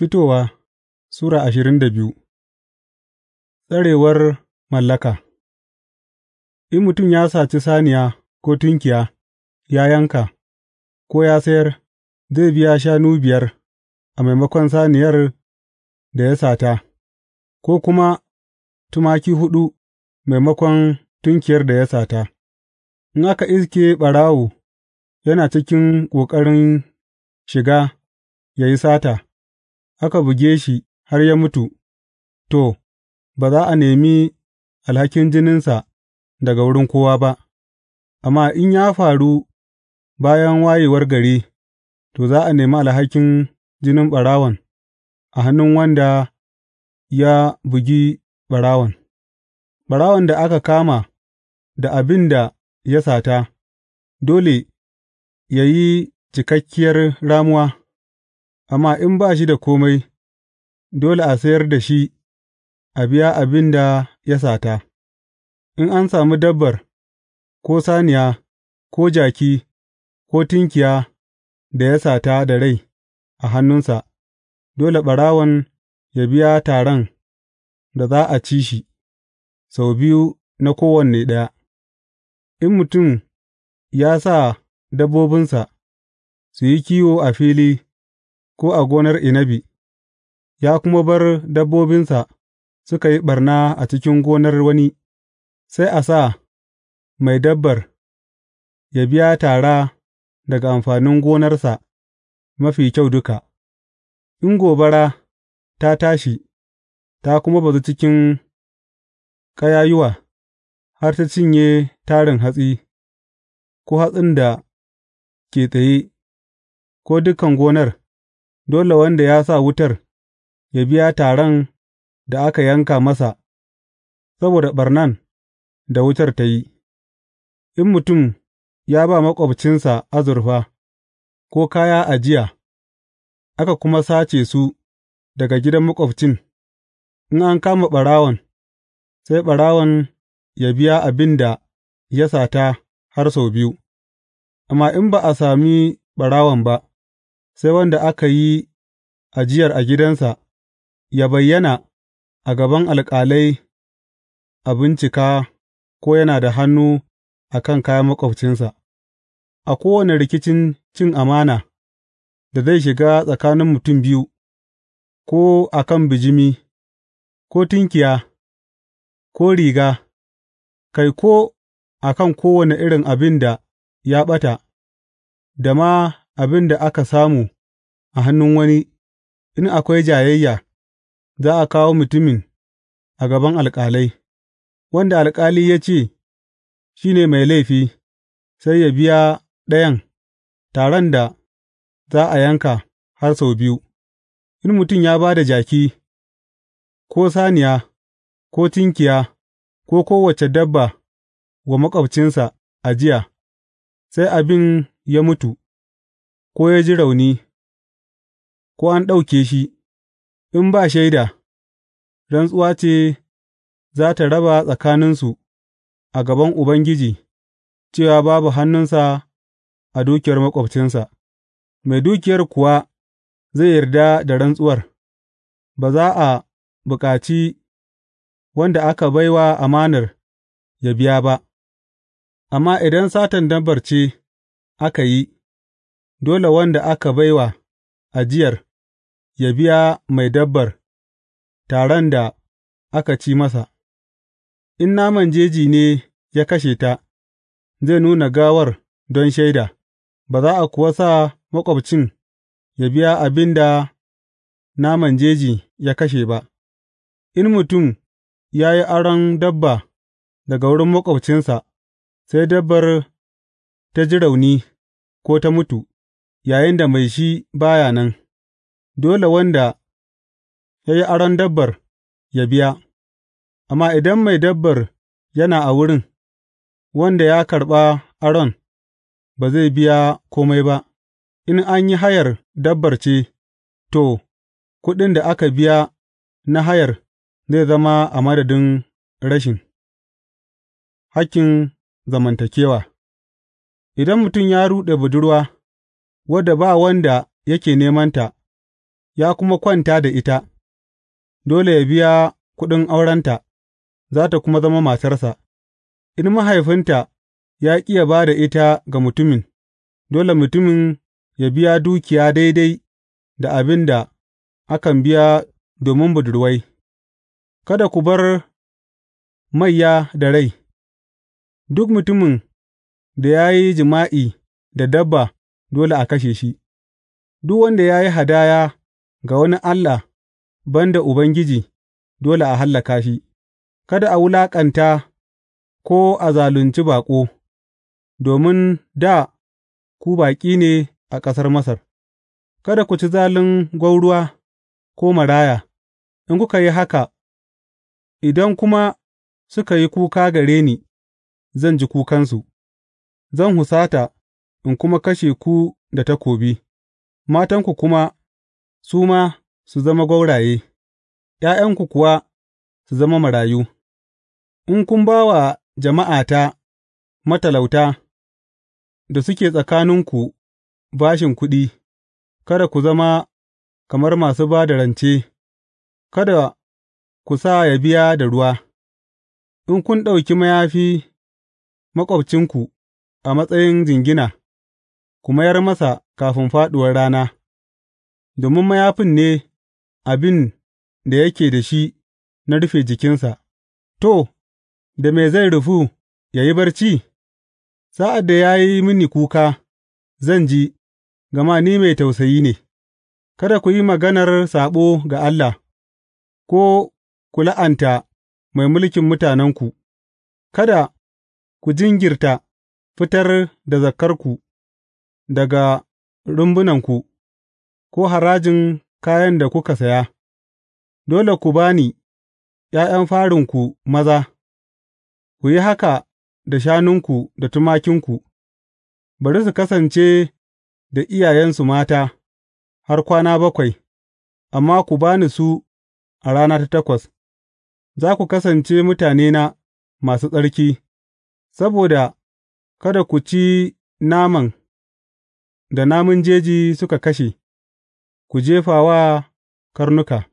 Fitowa Sura ashirin da biyu Tsarewar mallaka In mutum ya saci saniya ko tunkiya, ya yanka, ko ya sayar, zai biya shanu biyar a maimakon saniyar da ya sata, ko kuma tumaki huɗu maimakon tunkiyar da ya sata, in aka iske ɓarawo yana cikin ƙoƙarin shiga ya yi sata. aka buge shi har ya mutu, to, ba za a nemi alhakin jininsa daga wurin kowa ba, amma in ya faru bayan wayewar gari, to, za a nemi alhakin jinin ɓarawon a hannun wanda ya bugi ɓarawon, ɓarawon da aka kama da abin da ya sata, dole yă yi cikakkiyar ramuwa. Amma in ba shi da kome, dole a sayar da shi a biya abin da ya sata, in an sami dabbar, ko saniya, ko jaki, ko tunkiya da ya sata da rai a hannunsa, dole ɓarawon ya biya taron da za a ci shi, sau biyu na kowanne ɗaya, in mutum ya sa dabbobinsa su yi kiwo a fili. ko a gonar inabi, ya kuma bar dabbobinsa suka yi ɓarna a cikin gonar wani, sai a sa mai dabbar ya biya tara daga amfanin gonarsa mafi kyau duka, in gobara ta tashi ta kuma bazu cikin ƙayayuwa har ta cinye tarin hatsi, ko hatsin da ke tsaye, ko dukan gonar. dole wanda ya sa wutar ya biya taran da aka yanka masa saboda ɓarnan da wutar ta yi, in mutum ya ba maƙwabcinsa azurfa ko kaya ajiya, aka kuma sace su daga gidan maƙwabcin, in an kama ɓarawon, sai ɓarawon ya biya abin da ya sata har sau biyu, amma in ba a sami ɓarawon ba, sai wanda aka yi ajiyar a gidansa, ya bayyana a gaban alƙalai a bincika ko yana da hannu a kan kayan maƙwabcinsa, a kowane rikicin cin amana da zai shiga tsakanin mutum biyu, ko a kan bijimi, ko tunkiya, ko riga, kai, ko a kan kowane irin abin da ya ɓata, da ma abin da aka samu a hannun wani, in akwai jayayya, za a kawo mutumin a gaban alƙalai, wanda alƙali ya ce shi ne mai laifi, sai ya biya ɗayan taron da za a yanka har sau biyu, in mutum ya ba da jaki, ko saniya, ko tunkiya, ko kowace dabba wa maƙwabcinsa jiya. sai abin ya mutu, ko ya ji rauni, ko an ɗauke shi, in ba shaida, rantsuwa ce za ta raba tsakaninsu a gaban Ubangiji cewa babu hannunsa a dukiyar maƙwabcinsa, mai dukiyar kuwa zai yarda da rantsuwar, ba za a bukaci wanda aka baiwa amanar ya biya ba, amma idan satan dabbar ce aka yi, dole wanda aka bai wa ajiyar ya biya mai dabbar taran da aka ci masa, in naman jeji ne ya kashe ta, zai nuna gawar don shaida, ba za a kuwa sa maƙwabcin ya biya abin da naman jeji ya kashe ba, in mutum ya yi aron dabba daga wurin maƙwabcinsa, sai dabbar ta ji rauni ko ta mutu. yayinda mai shi ba ya nan, dole wanda ya yi aron dabbar ya biya, amma idan mai dabbar yana a wurin, wanda ya karɓa aron ba zai biya kome ba, in an yi hayar dabbar ce, to, kuɗin da aka biya na hayar zai zama a madadin rashin. Hakkin zamantakewa Idan mutum ya ruɗe budurwa, wadda ba wanda yake nemanta, ya kuma kwanta da ita, dole ya biya kuɗin aurenta, za ta kuma zama matarsa, in mahaifinta ya ƙi ba da ita ga mutumin, dole mutumin ya biya dukiya daidai da abin da akan biya domin budurwai, kada ku bar maiya da rai, duk mutumin da ya yi jima'i da dabba dole a kashe shi, duk wanda ya yi hadaya ga wani allah ban da Ubangiji, dole a hallaka shi, kada a wulaƙanta ko a zalunci baƙo, domin da ku baƙi ne a ƙasar Masar, kada ku ci zalin gwauruwa ko maraya, in kuka yi haka, idan kuma suka yi kuka gare ni, zan ji kukansu, zan husata in kuma kashe ku da takobi, matanku kuma su ma su zama gwauraye, ’ya'yanku kuwa su zama marayu, in kun ba wa jama'ata matalauta da suke tsakaninku bashin kuɗi, kada ku zama kamar masu ba da rance, kada ku sa ya biya da ruwa, in kun ɗauki mayafi maƙwabcinku a matsayin jingina. ku mayar masa kafin fāɗuwar rana, domin mayafin ne abin da yake da shi na rufe jikinsa, to, da me zai rufu ya yi barci? Sa'ad da ya yi mini kuka, zan ji, gama ni mai tausayi ne, kada ku yi maganar saɓo ga Allah, ko ku la'anta mai mulkin mutanenku, kada ku jingirta fitar da zakkarku. daga rumbunanku, ko harajin kayan da kuka saya, dole ku ba ni ’ya'yan farinku maza, ku yi haka da shanunku da tumakinku, bari su kasance da iyayensu mata har kwana bakwai, amma ku ba ni su a rana ta takwas, za ku kasance mutanena masu tsarki, saboda kada ku ci naman. da namun jeji suka kashe, ku jefa wa karnuka.